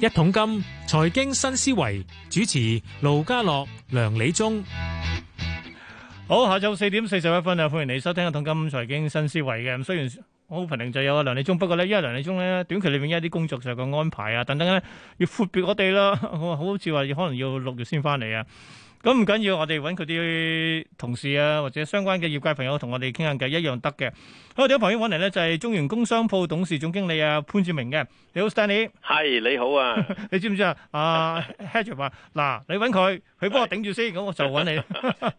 一桶金財經新思維，主持盧家樂、梁理忠，好，下晝四點四十一分啊！歡迎你收聽一桶金財經新思維嘅。咁雖然 opening 就有阿梁理忠，不過咧，因為梁理忠咧短期裏面有一啲工作上嘅安排啊等等咧，要闊別我哋啦。我好似話要可能要六月先翻嚟啊。咁唔緊要，我哋揾佢啲同事啊，或者相關嘅業界朋友同我哋傾下偈，一樣得嘅。好，我哋呢位朋友揾嚟咧，就係中原工商鋪董事總經理啊潘志明嘅。你好，Stanley。係你好啊，你知唔知啊？阿 Hector 話：嗱，你揾佢，佢幫我頂住先，咁我就揾你。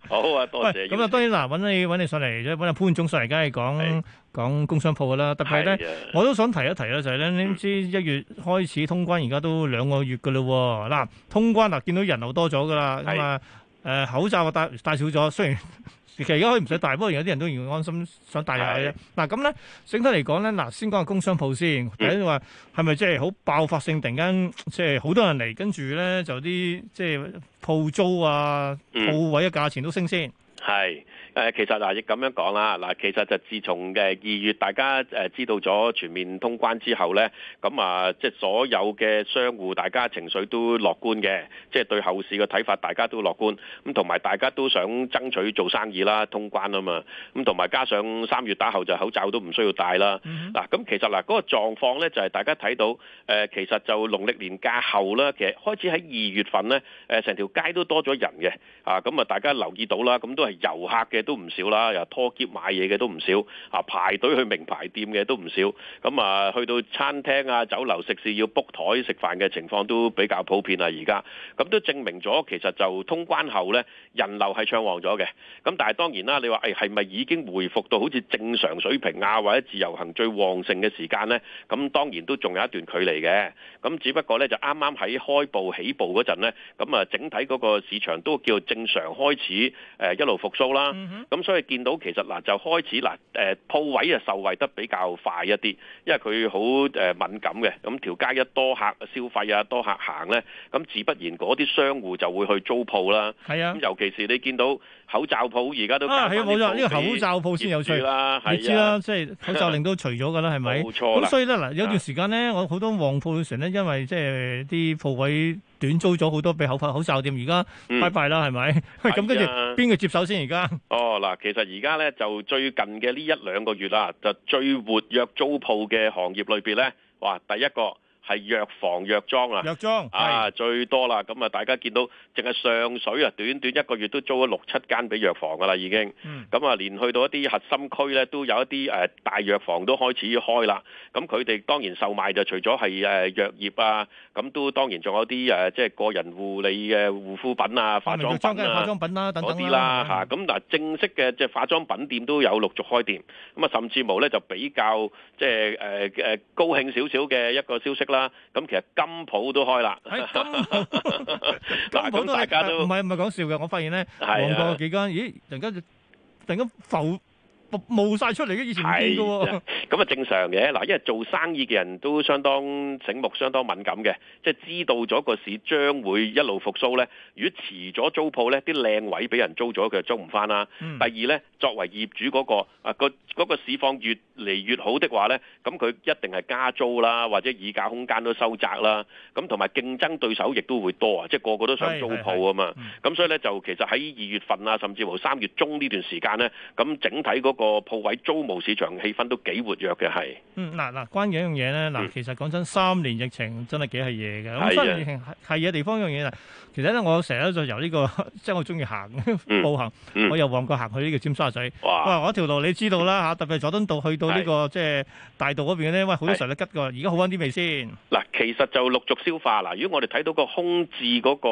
好啊，多謝。咁啊，當然嗱，揾你揾你上嚟，即係揾阿潘總上嚟，梗係講講工商鋪噶啦。特別咧，我都想提一提啦，就係咧，你知一月開始通關，而家都兩個月噶啦。嗱，通關啊，見到人好多咗噶啦。係啊。誒、呃、口罩啊戴戴少咗，雖然其實而家可以唔使戴，不過有啲人都仍然安心想戴下嘅。嗱咁咧，整體嚟講咧，嗱先講下工商鋪先，嗯、第一話係咪即係好爆發性，突然間即係好多人嚟，跟住咧就啲即係鋪租啊、鋪位嘅價錢都升先。係、嗯。誒其實嗱，亦咁樣講啦。嗱，其實就自從嘅二月大家誒知道咗全面通關之後呢，咁啊，即係所有嘅商戶，大家情緒都樂觀嘅，即係對後市嘅睇法大家都樂觀。咁同埋大家都想爭取做生意啦，通關啊嘛。咁同埋加上三月打後就口罩都唔需要戴啦。嗱、mm，咁、hmm. 其實嗱，嗰個狀況咧就係大家睇到，誒其實就農曆年假後啦，其實開始喺二月份呢，誒成條街都多咗人嘅。啊，咁啊，大家留意到啦，咁都係遊客嘅。都唔少啦，又拖喼買嘢嘅都唔少，啊排隊去名牌店嘅都唔少，咁啊去到餐廳啊酒樓食肆要 book 台食飯嘅情況都比較普遍啊，而家，咁都證明咗其實就通關後咧人流係暢旺咗嘅，咁但係當然啦，你話誒係咪已經回復到好似正常水平啊或者自由行最旺盛嘅時間咧？咁當然都仲有一段距離嘅，咁只不過咧就啱啱喺開埠起步嗰陣咧，咁啊整體嗰個市場都叫做正常開始誒一路復蘇啦。嗯咁、嗯、所以見到其實嗱就開始嗱誒鋪位啊受惠得比較快一啲，因為佢好誒敏感嘅。咁條街一多客消費啊，多客行咧，咁自不然嗰啲商戶就會去租鋪啦。係啊，咁、嗯、尤其是你見到口罩鋪而家都啊，係冇錯，呢、這個口罩鋪先有趣啦。啊、你知啦，即、就、係、是、口罩令都除咗㗎啦，係咪？冇錯。咁所以咧嗱，有段時間咧，啊、我好多旺鋪成咧，因為即係啲鋪位。短租咗好多俾口口罩店，而家拜拜啦，係咪、嗯？咁跟住邊個接手先？而家哦嗱，其實而家咧就最近嘅呢一兩個月啦，就最活躍租鋪嘅行業裏邊咧，哇！第一個。係藥房藥妝啊，藥妝啊最多啦！咁、嗯、啊，大家見到淨係上水啊，短短一個月都租咗六七間俾藥房㗎啦，已經。咁啊、嗯嗯，連去到一啲核心區咧，都有一啲誒、呃、大藥房都開始開啦。咁佢哋當然售賣就除咗係誒藥業啊，咁、嗯、都當然仲有啲誒、啊、即係個人護理嘅護膚品啊、化妝品啊嗰啲啦嚇。咁嗱，正式嘅即係化妝品店都有陸續開店。咁、嗯、啊，甚至無咧就比較即係誒誒高興少少嘅一個消息咁其實金鋪都開啦。喺金金都大家都唔係唔係講笑嘅，我發現咧旺過幾間。咦，人就突然間突然間浮。冇晒出嚟嘅，以前唔見嘅喎。咁啊，正常嘅，嗱，因為做生意嘅人都相當醒目、相當敏感嘅，即係知道咗個市將會一路復甦呢。如果遲咗租鋪呢，啲靚位俾人租咗，佢就租唔翻啦。嗯、第二呢，作為業主嗰、嗰個啊、嗰個嗰，市況越嚟越好的話呢，咁佢一定係加租啦，或者議價空間都收窄啦。咁同埋競爭對手亦都會多啊，即係個個都想租鋪啊嘛。咁、嗯、所以呢，就其實喺二月份啊，甚至乎三月中呢段時間呢，咁整體嗰、嗰個個鋪位租務市場氣氛都幾活躍嘅係，嗯嗱嗱，關於一樣嘢咧，嗱，其實講真，三年疫情真係幾係嘢嘅，三年疫情係嘢地方一樣嘢就，其實咧我成日都就由呢個，即係我中意行步行，我又旺角行去呢個尖沙咀，哇，我條路你知道啦吓，特別係佐敦道去到呢個即係大道嗰邊嘅咧，喂，好多時候都吉噶，而家好翻啲未先？嗱，其實就陸續消化啦，如果我哋睇到個空置嗰個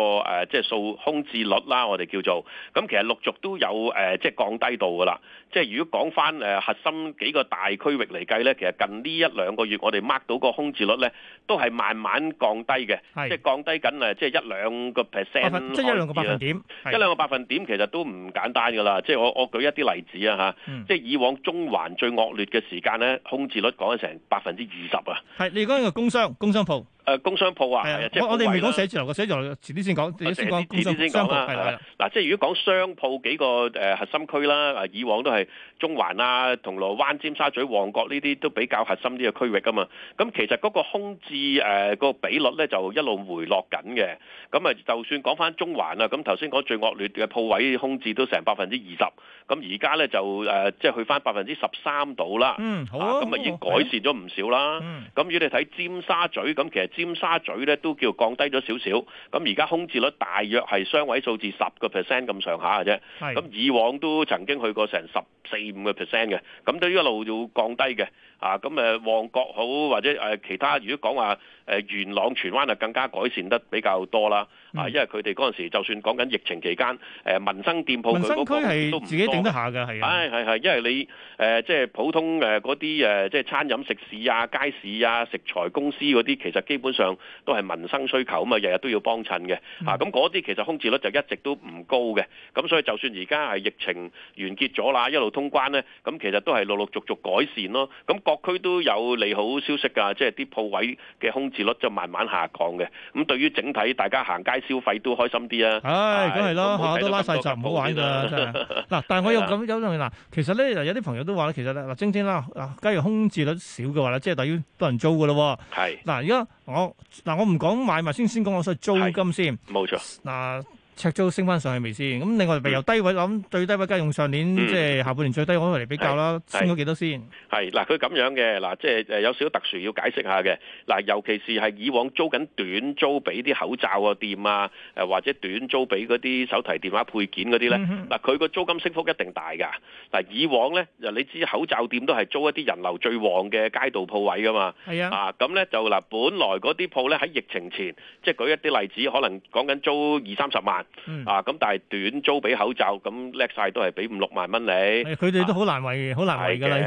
誒，即係數空置率啦，我哋叫做，咁其實陸續都有誒，即係降低到噶啦，即係如果。講翻誒核心幾個大區域嚟計咧，其實近呢一兩個月我哋 mark 到個空置率咧，都係慢慢降低嘅，即係是降低緊誒，即係、就是、一兩個 percent，即係一兩個百分點，一兩個百分點其實都唔簡單㗎啦。即係是我我舉一啲例子啊嚇，即係以往中環最惡劣嘅時間咧，空置率講緊成百分之二十啊。係你講個工商工商鋪。誒工商鋪啊，啊即鋪我我哋未講寫字樓嘅，寫字樓遲啲先講。先講啦，嗱、啊，遲商遲即係如果講商鋪幾個、呃、核心區啦，以往都係中環啊、銅鑼灣、尖沙咀、旺角呢啲都比較核心啲嘅區域啊嘛。咁其實嗰個空置誒、呃個比率咧就一路回落緊嘅。咁啊，就算講翻中環啊，咁頭先講最惡劣嘅鋪位空置都成百分之二十，咁而家咧就、呃、即係去翻百分之十三度啦。嗯，好咁啊，啊，好啊已經改善咗唔少啦。咁、啊、如果你睇尖沙咀咁其實。尖沙咀咧都叫降低咗少少，咁而家空置率大約係雙位數字十個 percent 咁上下嘅啫，咁以往都曾經去過成十。四五個 percent 嘅，咁都一路要降低嘅，啊，咁誒旺角好，或者、呃、其他，如果講話、呃、元朗荃灣啊，更加改善得比較多啦，啊，嗯、因為佢哋嗰陣時就算講緊疫情期間，誒、呃、民生店鋪，民生區係自己頂得下嘅，係，係係係，因為你誒、呃、即係普通誒嗰啲誒即係餐飲食肆啊、街市啊、食材公司嗰啲，其實基本上都係民生需求啊嘛，日日都要幫襯嘅，嗯、啊，咁嗰啲其實空置率就一直都唔高嘅，咁所以就算而家係疫情完結咗啦，一路。通關咧，咁其實都係陸陸續續改善咯。咁各區都有利好消息㗎，即係啲鋪位嘅空置率就慢慢下降嘅。咁對於整體，大家行街消費都開心啲啊！唉，梗係咯嚇，都拉晒閘，唔好玩㗎嗱，但係我有咁 有樣嗱，其實咧有啲朋友都話咧，其實嗱，嗱，晶天啦，嗱，假如空置率少嘅話咧，即係等於多人租㗎咯。係是。嗱，而家我嗱我唔講買賣先，先講我所租金先。冇錯。嗱、啊。赤租升翻上去未先？咁另外由低位諗、嗯、最低位，梗係用上年、嗯、即係下半年最低位個嚟比較啦，升咗幾多先？係嗱，佢咁樣嘅嗱，即係誒有少少特殊要解釋一下嘅嗱，尤其是係以往租緊短租俾啲口罩嘅店啊，誒或者短租俾嗰啲手提電話配件嗰啲咧，嗱佢個租金升幅一定大㗎。嗱以往咧，你知道口罩店都係租一啲人流最旺嘅街道鋪位㗎嘛？係啊，啊咁咧就嗱，本來嗰啲鋪咧喺疫情前，即係舉一啲例子，可能講緊租二三十萬。嗯、啊，咁但係短租俾口罩咁叻晒都係俾五六萬蚊你，佢哋都好難為，好、啊、好難為噶啦，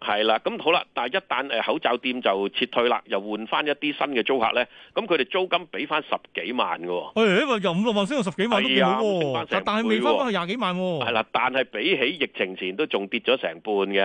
係啦的，咁 好啦，但係一旦誒口罩店就撤退啦，又換翻一啲新嘅租客咧，咁佢哋租金俾翻十幾萬嘅，誒，咁又五六萬升到十幾萬都、嗯、幾好喎。但係未翻翻廿幾萬，係啦，但係比起疫情前都仲跌咗成半嘅，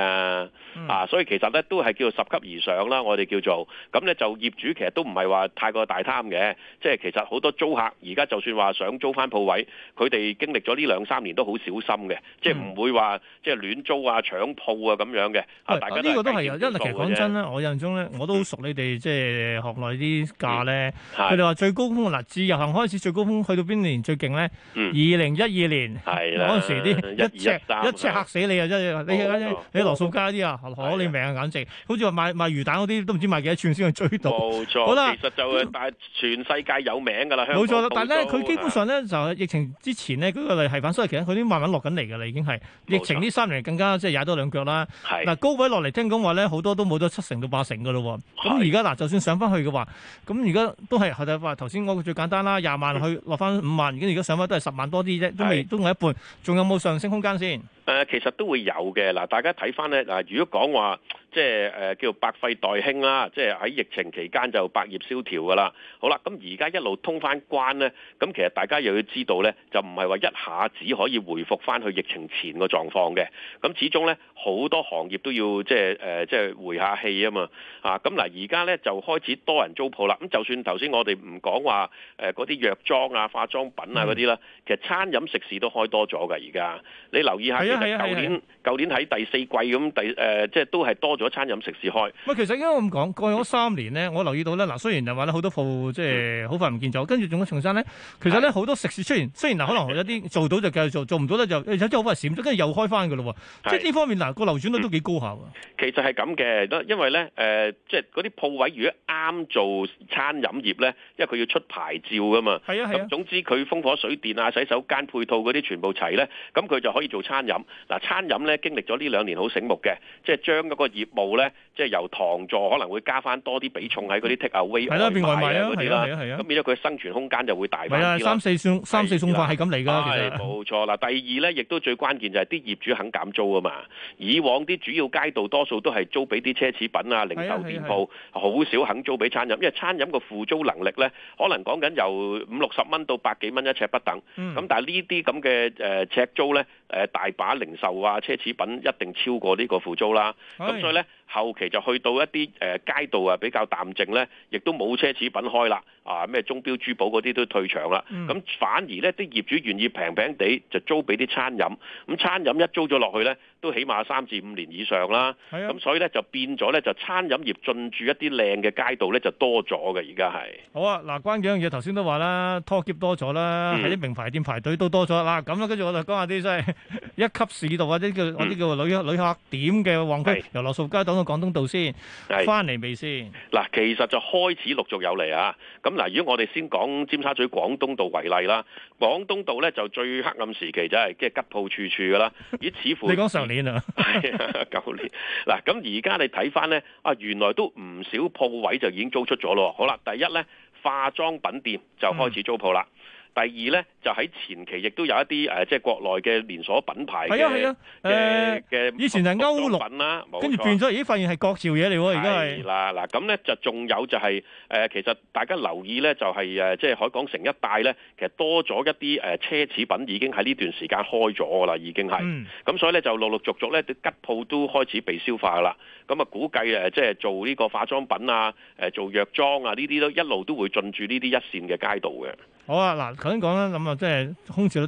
嗯、啊，所以其實咧都係叫做十級而上啦，我哋叫做，咁咧就業主其實都唔係話太過大貪嘅，即係其實好多租客而家就算話想租翻。鋪位，佢哋經歷咗呢兩三年都好小心嘅，即係唔會話即係亂租啊、搶鋪啊咁樣嘅。大家呢個都係，因為其實講真咧，我印象中咧，我都好熟你哋即係學內啲價咧。佢哋話最高峰，嗱，自由行開始最高峰去到邊年最勁咧？二零一二年嗰陣時啲一尺一尺嚇死你啊！即係你你羅素街啲啊，攞你命啊！簡直，好似話買買魚蛋嗰啲都唔知買幾多串先去追到。冇錯，好啦，其實就係全世界有名噶啦，香港，冇錯但係咧，佢基本上咧。就疫情之前咧，嗰個係反，所以其實佢啲慢慢落緊嚟噶啦，已經係疫情呢三年更加即係踩多兩腳啦。嗱錯，高位落嚟，聽講話咧，好多都冇咗七成到八成噶咯喎。咁而家嗱，就算上翻去嘅話，咁而家都係係就話頭先嗰個最簡單啦，廿萬去落翻五萬，而家而家上翻都係十萬多啲啫，都未是都係一半，仲有冇上升空間先？呃、其實都會有嘅嗱，大家睇翻咧嗱，如果講話即係誒、呃、叫做百廢待興啦，即係喺疫情期間就百業蕭條噶啦。好啦，咁而家一路通翻關咧，咁其實大家又要知道咧，就唔係話一下子可以回復翻去疫情前個狀況嘅。咁始終咧，好多行業都要即係、呃、即係回下氣嘛啊嘛。咁嗱，而家咧就開始多人租鋪啦。咁就算頭先我哋唔講話誒嗰啲藥妝啊、化妝品啊嗰啲啦，嗯、其實餐飲食肆都開多咗㗎而家。你留意下。係啊！舊年舊年喺第四季咁第誒，即係都係多咗餐飲食肆開。唔，其實應該咁講，過去三年咧，我留意到咧嗱，雖然就話咧好多鋪即係好快唔見咗，跟住仲有重生咧。其實咧好是是 多食肆雖然雖然可能有啲做到就繼續做，是是做唔到咧就有啲好快閃咗，跟住又開翻嘅咯喎。是是即係呢方面嗱，個流轉率都幾高效啊、嗯。其實係咁嘅，因為咧誒、呃，即係嗰啲鋪位如果啱做餐飲業咧，因為佢要出牌照噶嘛。係啊係啊。總之佢風火水電啊、洗手間配套嗰啲全部齊咧，咁佢就可以做餐飲。嗱，餐飲咧經歷咗呢兩年好醒目嘅，即係將嗰個業務咧。即係由堂座可能會加翻多啲比重喺嗰啲 takeaway、外賣啊嗰啲啦，咁變咗佢生存空間就會大翻啲。三四送三四送八係咁嚟㗎，係冇錯啦。第二咧，亦都最關鍵就係啲業主肯減租啊嘛。以往啲主要街道多數都係租俾啲奢侈品啊、零售店鋪，好少肯租俾餐飲，因為餐飲個付租能力咧，可能講緊由五六十蚊到百幾蚊一尺不等。咁但係呢啲咁嘅誒尺租咧誒大把零售啊、奢侈品一定超過呢個付租啦。咁所以咧。後期就去到一啲誒、呃、街道啊，比較淡靜咧，亦都冇奢侈品開啦。啊！咩鐘錶、珠寶嗰啲都退場啦。咁、嗯、反而咧，啲業主願意平平地就租俾啲餐飲。咁、嗯、餐飲一租咗落去咧，都起碼三至五年以上啦。咁、啊嗯、所以咧就變咗咧，就餐飲業進駐一啲靚嘅街道咧就多咗嘅。而家係好啊！嗱、啊，關鍵嘅嘢頭先都話啦，拖喼多咗啦，喺啲、嗯、名牌店排隊都多咗。嗱、啊，咁啦，跟住我就講下啲即係一級市道或者叫我啲叫旅旅客點嘅旺區，由羅素街等到廣東道先，翻嚟未先？嗱、啊，其實就開始陸續有嚟啊。咁、啊咁嗱，如果我哋先講尖沙咀廣東道為例啦，廣東道咧就最黑暗時期就係即係吉鋪處處噶啦，咦？似乎你講上年啊，係 年嗱。咁而家你睇翻咧，啊原來都唔少鋪位就已經租出咗咯。好啦，第一咧化妝品店就開始租鋪啦。嗯第二咧就喺前期，亦都有一啲即係國內嘅連鎖品牌嘅啊係啊以前係歐陸啦，品跟住轉咗，咦？發現係國潮嘢嚟喎，而家係嗱嗱咁咧，就仲有就係、是呃、其實大家留意咧、就是，就係即係海港城一帶咧，其實多咗一啲誒奢侈品已經喺呢段時間開咗噶啦，已經係咁，嗯、所以咧就陸陸續續咧吉鋪都開始被消化啦。咁啊，估計即係、就是、做呢個化妝品啊、做藥妝啊呢啲都一路都會進駐呢啲一線嘅街道嘅。好啊，嗱，頭先講啦，咁啊，即係空置都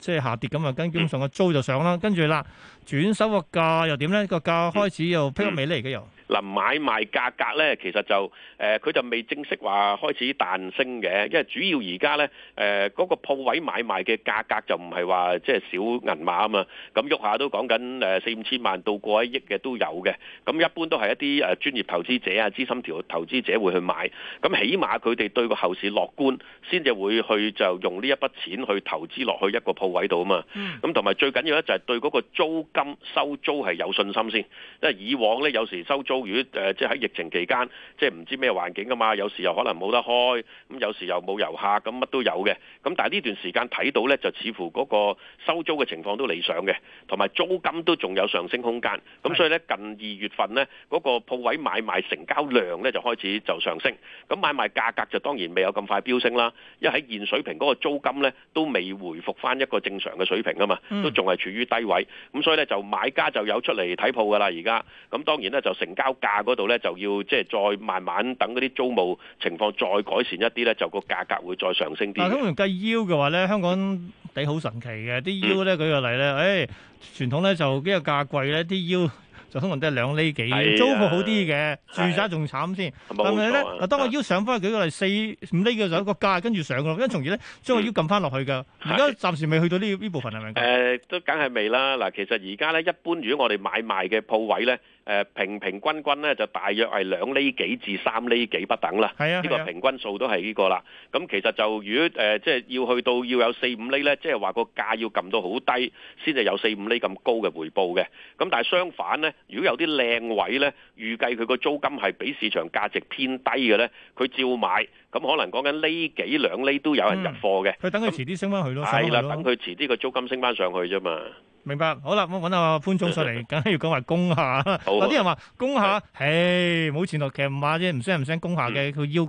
即係下跌咁啊，跟基本上個租就上啦，跟住啦。轉手個價又點呢？個價開始又比較美嚟嘅。又、嗯、嗱、嗯、買賣價格呢，其實就誒佢、呃、就未正式話開始彈升嘅，因為主要而家呢誒嗰、呃那個鋪位買賣嘅價格就唔係話即係小銀碼啊嘛，咁喐下都講緊四五千萬到過一億嘅都有嘅，咁一般都係一啲誒專業投資者啊、資深條投資者會去買，咁起碼佢哋對個後市樂觀，先至會去就用呢一筆錢去投資落去一個鋪位度啊嘛，咁同埋最緊要呢，就係對嗰個租。金收租係有信心先，因為以往呢，有時收租，如果誒、呃、即係喺疫情期間，即係唔知咩環境㗎嘛，有時又可能冇得開，咁、嗯、有時又冇遊客，咁乜都有嘅。咁但係呢段時間睇到呢，就似乎嗰個收租嘅情況都理想嘅，同埋租金都仲有上升空間。咁係所以呢，近二月份呢，嗰、嗰個鋪位買賣成交量呢，就開始就上升，咁買賣價格就當然未有咁快飆升啦，因為喺現水平嗰個租金呢，都未回復翻一個正常嘅水平啊嘛，都仲係處於低位。咁、嗯、所以就買家就有出嚟睇鋪噶啦，而家咁當然咧，就成交價嗰度咧就要即係再慢慢等嗰啲租務情況再改善一啲咧，就個價格會再上升啲。咁係通計 U 嘅話咧，香港地好神奇嘅，啲 U 咧舉個例咧，誒、 哎、傳統咧就呢個價貴咧啲 U。通常就可能都係兩厘幾，啊、租鋪好啲嘅，啊、住宅仲慘先。是不是但係咧，啊、當我腰上翻，舉個例四五厘嘅時候，一個價跟住上嘅，跟從而咧將個腰撳翻落去嘅。而家、嗯、暫時未去到呢呢、啊、部分係咪？誒、呃，都梗係未啦。嗱，其實而家咧，一般如果我哋買賣嘅鋪位咧。誒平平均均咧就大約係兩厘幾至三厘幾不等啦。係啊，呢個平均數都係呢個啦。咁、啊、其實就如果誒即係要去到要有四五厘咧，即係話個價要撳到好低，先至有四五厘咁高嘅回報嘅。咁但係相反咧，如果有啲靚位咧，預計佢個租金係比市場價值偏低嘅咧，佢照買，咁可能講緊呢幾兩厘都有人入貨嘅。佢、嗯、那等佢遲啲升翻去咯，係啦、啊，等佢遲啲個租金升翻上去啫嘛。明白，好啦，我揾下潘總上嚟，梗係要講埋工廈。有啲 的人話工廈，唉的，唔好前途劇騎馬啫，唔想唔想工廈嘅，佢腰、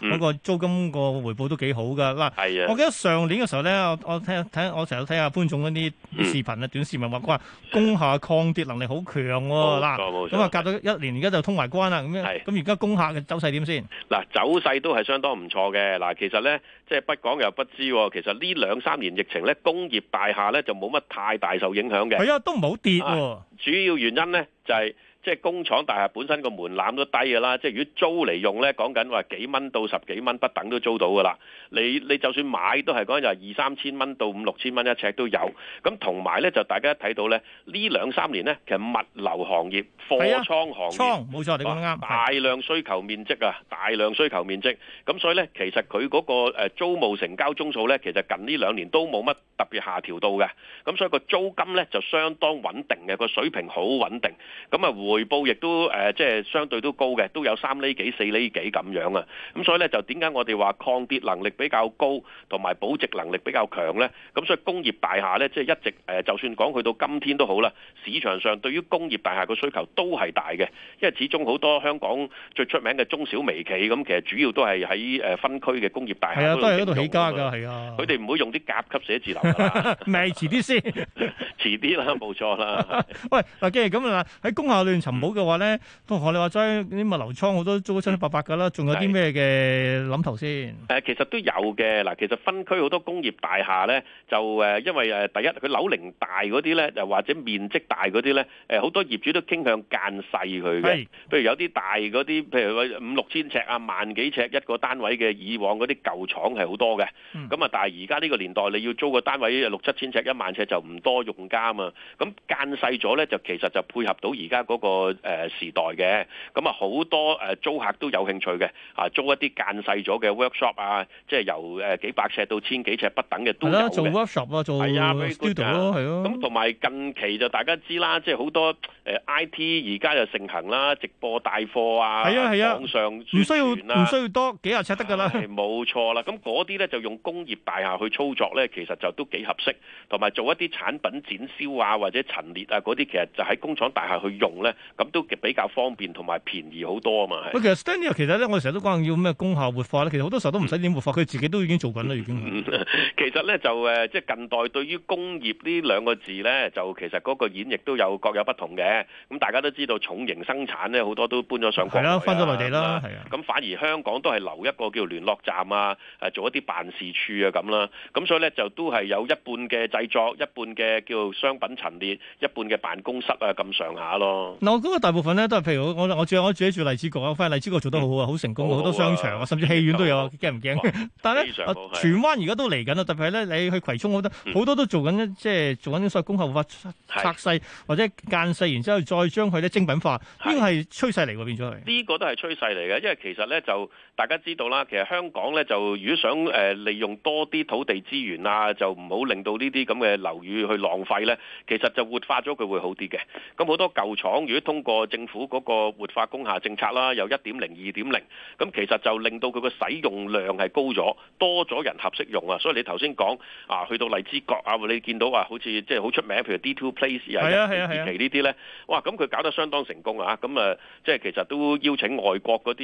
嗯、個嗰租金個回報都幾好噶。嗱的，我記得上年嘅時候咧，我睇睇我成日睇下潘總嗰啲視頻啊、嗯、短視頻話話工廈抗跌能力好強喎。嗱，咁啊，哦、隔咗一年而家的就通埋關啦。咁咁而家工廈嘅走勢點先？嗱，走勢都係相當唔錯嘅。嗱，其實咧。即係不講又不知，其實呢兩三年疫情咧，工業大廈咧就冇乜太大受影響嘅，係啊，都唔好跌喎。主要原因咧就係、係。即係工廠大廈本身個門檻都低㗎啦，即係如果租嚟用咧，講緊話幾蚊到十幾蚊不等都租到㗎啦。你你就算買都係講緊就係二三千蚊到五六千蚊一尺都有。咁同埋咧就大家一睇到咧，呢兩三年咧其實物流行業貨倉行業，倉，冇錯你講啱，大量需求面積啊，大量需求面積。咁、啊、所以咧其實佢嗰個誒租務成交宗數咧，其實近呢兩年都冇乜特別下調到嘅。咁所以個租金咧就相當穩定嘅，個水平好穩定。咁啊，回報亦都誒、呃，即係相對都高嘅，都有三厘幾、四厘幾咁樣啊。咁所以咧，就點解我哋話抗跌能力比較高，同埋保值能力比較強咧？咁所以工業大廈咧，即係一直誒、呃，就算講去到今天都好啦。市場上對於工業大廈個需求都係大嘅，因為始終好多香港最出名嘅中小微企咁，其實主要都係喺誒分區嘅工業大廈。係啊，都係嗰度起家㗎，係的啊。佢哋唔會用啲甲級寫字樓㗎嘛。咪遲啲先，遲啲啦，冇 錯啦。 喂，嗱，既然咁啦，喺工廈亂。沉冇嘅話咧，都學你哋話齋啲物流倉我都租七七八八噶啦，仲有啲咩嘅諗頭先？其實都有嘅。嗱，其實分區好多工業大廈咧，就因為第一佢樓齡大嗰啲咧，又或者面積大嗰啲咧，好多業主都傾向間細佢嘅。譬如有啲大嗰啲，譬如五六千尺啊，萬幾尺一個單位嘅，以往嗰啲舊廠係好多嘅。咁啊，但係而家呢個年代，你要租個單位六七千尺、一萬尺就唔多用家啊嘛。咁間細咗咧，就其實就配合到而家嗰個個誒時代嘅，咁啊好多誒租客都有興趣嘅，啊租一啲間細咗嘅 workshop 啊，即係由誒幾百尺到千幾尺不等嘅都有嘅。係啦，做 workshop 啊，做 studio 啊，係咯。咁同埋近期就大家知啦，即係好多誒 IT 而家就盛行啦，直播帶貨啊，係啊係啊，網上宣傳啊，唔需要唔需要多幾廿尺得噶啦。係冇錯啦，咁嗰啲咧就用工業大廈去操作咧，其實就都幾合適，同埋做一啲產品展銷啊或者陳列啊嗰啲，其實就喺工廠大廈去用咧。咁都比較方便同埋便宜好多啊嘛！其實 Stanley 其實咧，我哋成日都講要咩功效活化咧，其實好多時候都唔使點活化，佢 自己都已經做緊啦，已經。 其實咧就誒，即係近代對於工業呢兩個字咧，就其實嗰個演繹都有各有不同嘅。咁大家都知道重型生產咧，好多都搬咗上去啦，翻咗內地啦，係啊。咁反而香港都係留一個叫聯絡站啊，誒，做一啲辦事處啊咁啦。咁所以咧就都係有一半嘅製作，一半嘅叫商品陳列，一半嘅辦公室啊咁上下咯。我嗰個大部分咧都係，譬如我我住我住喺住荔枝角，啊，我發現荔枝角做得好好啊，好成功，好多商場啊，甚至戲院都有啊，驚唔驚？但係咧，荃灣而家都嚟緊啦，特別係咧，你去葵涌好多好多都做緊，即係做緊啲所謂工廈法拆細或者間細，然之後再將佢咧精品化，呢個係趨勢嚟喎，變咗係。呢個都係趨勢嚟嘅，因為其實咧就大家知道啦，其實香港咧就如果想誒利用多啲土地資源啊，就唔好令到呢啲咁嘅樓宇去浪費咧，其實就活化咗佢會好啲嘅。咁好多舊廠通過政府嗰個活化工廈政策啦，有一點零二點零咁，其實就令到佢個使用量係高咗，多咗人合適用啊！所以你頭先講啊，去到荔枝角啊，你見到話好似即係好出名，譬如 D Two Place 啊、尤其呢啲呢，哇！咁佢搞得相當成功啊！咁啊，即係其實都邀請外國嗰啲誒，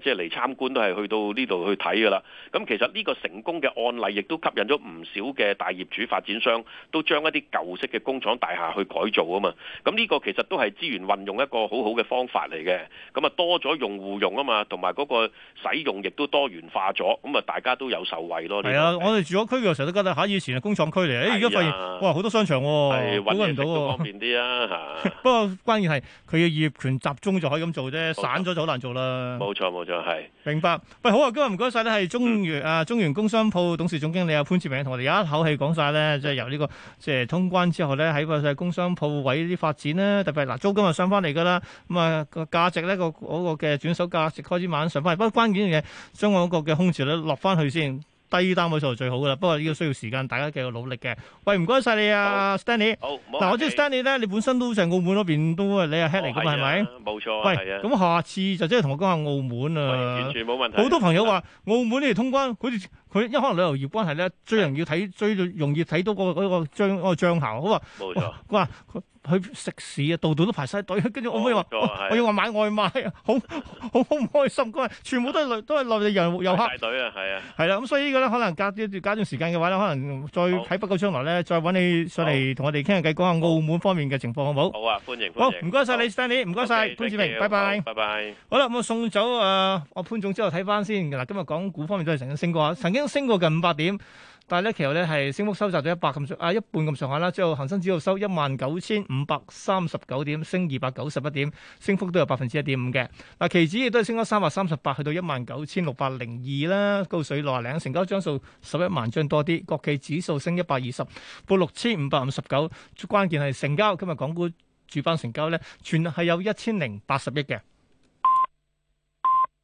即係嚟參觀都係去到呢度去睇㗎啦。咁其實呢個成功嘅案例，亦都吸引咗唔少嘅大業主發展商都將一啲舊式嘅工廠大廈去改造啊嘛。咁呢個其實都係資源挖。用一個好好嘅方法嚟嘅，咁啊多咗用戶用啊嘛，同埋嗰個使用亦都多元化咗，咁啊大家都有受惠咯。係啊，我哋住咗區嘅時候都覺得啦，以前係工廠區嚟，誒而家發現哇好多商場喎、啊，好揾唔、啊、到喎、啊。方便啲啊吓 不過關鍵係佢嘅業權集中就可以咁做啫，錯散咗就好難做啦。冇錯冇錯係。明白。喂，好啊，今日唔該晒，呢係中原啊、嗯、中原工商鋪董事總經理啊潘志明同我哋一一口氣講晒咧，即、就、係、是、由呢、這個即係通關之後咧，喺個曬工商鋪位啲發展呢，特別嗱、啊、租金上翻嚟噶啦，咁、那、啊個價值咧、那個嗰個嘅轉手價值開始慢慢上翻嚟。不過關鍵嘅嘢，將我嗰個嘅空置率落翻去先，低單位數就最好噶啦。不過呢個需要時間，大家繼續努力嘅。喂，唔該晒你啊、oh,，Stanley。好、oh,，嗱，我知 Stanley 咧，你本身都成澳門嗰邊的，都你係 head 嚟噶嘛，係咪、oh, 啊？冇吧錯。喂，咁、啊、下次就即係同我講下澳門啊。完全冇問題。好多朋友話澳門咧通關，好佢因可能旅遊業關係咧，最人要睇 最容易睇到那個嗰、那個漲、那個漲頭。好、那、啊、個。冇錯。佢話、哦。去食肆啊，度度都排曬隊，跟住我咪話，我要話買外賣啊，好好好唔開心。咁啊，全部都係內，都係內地遊客。排隊啊，係啊，係啦。咁所以呢個咧，可能隔啲，隔一段時間嘅話咧，可能再睇不久將來咧，再揾你上嚟同我哋傾下偈，講下澳門方面嘅情況好唔好？好啊，歡迎，好唔該曬你，Stanley，唔該曬潘志明，拜拜，拜拜。好啦，咁我送走啊，我潘總之後睇翻先。嗱，今日港股方面都係成日升過，曾經升過近五百點。但係咧，其後咧係升幅收窄咗一百咁上啊，一半咁上下啦。之後恒生指數收一萬九千五百三十九點，升二百九十一點，升幅都有百分之一點五嘅。嗱，期指亦都係升咗三百三十八，去到一萬九千六百零二啦，高水六啊零。成交張數十一萬張多啲，國企指數升一百二十，報六千五百五十九。關鍵係成交，今日港股主板成交咧，全係有一千零八十億嘅。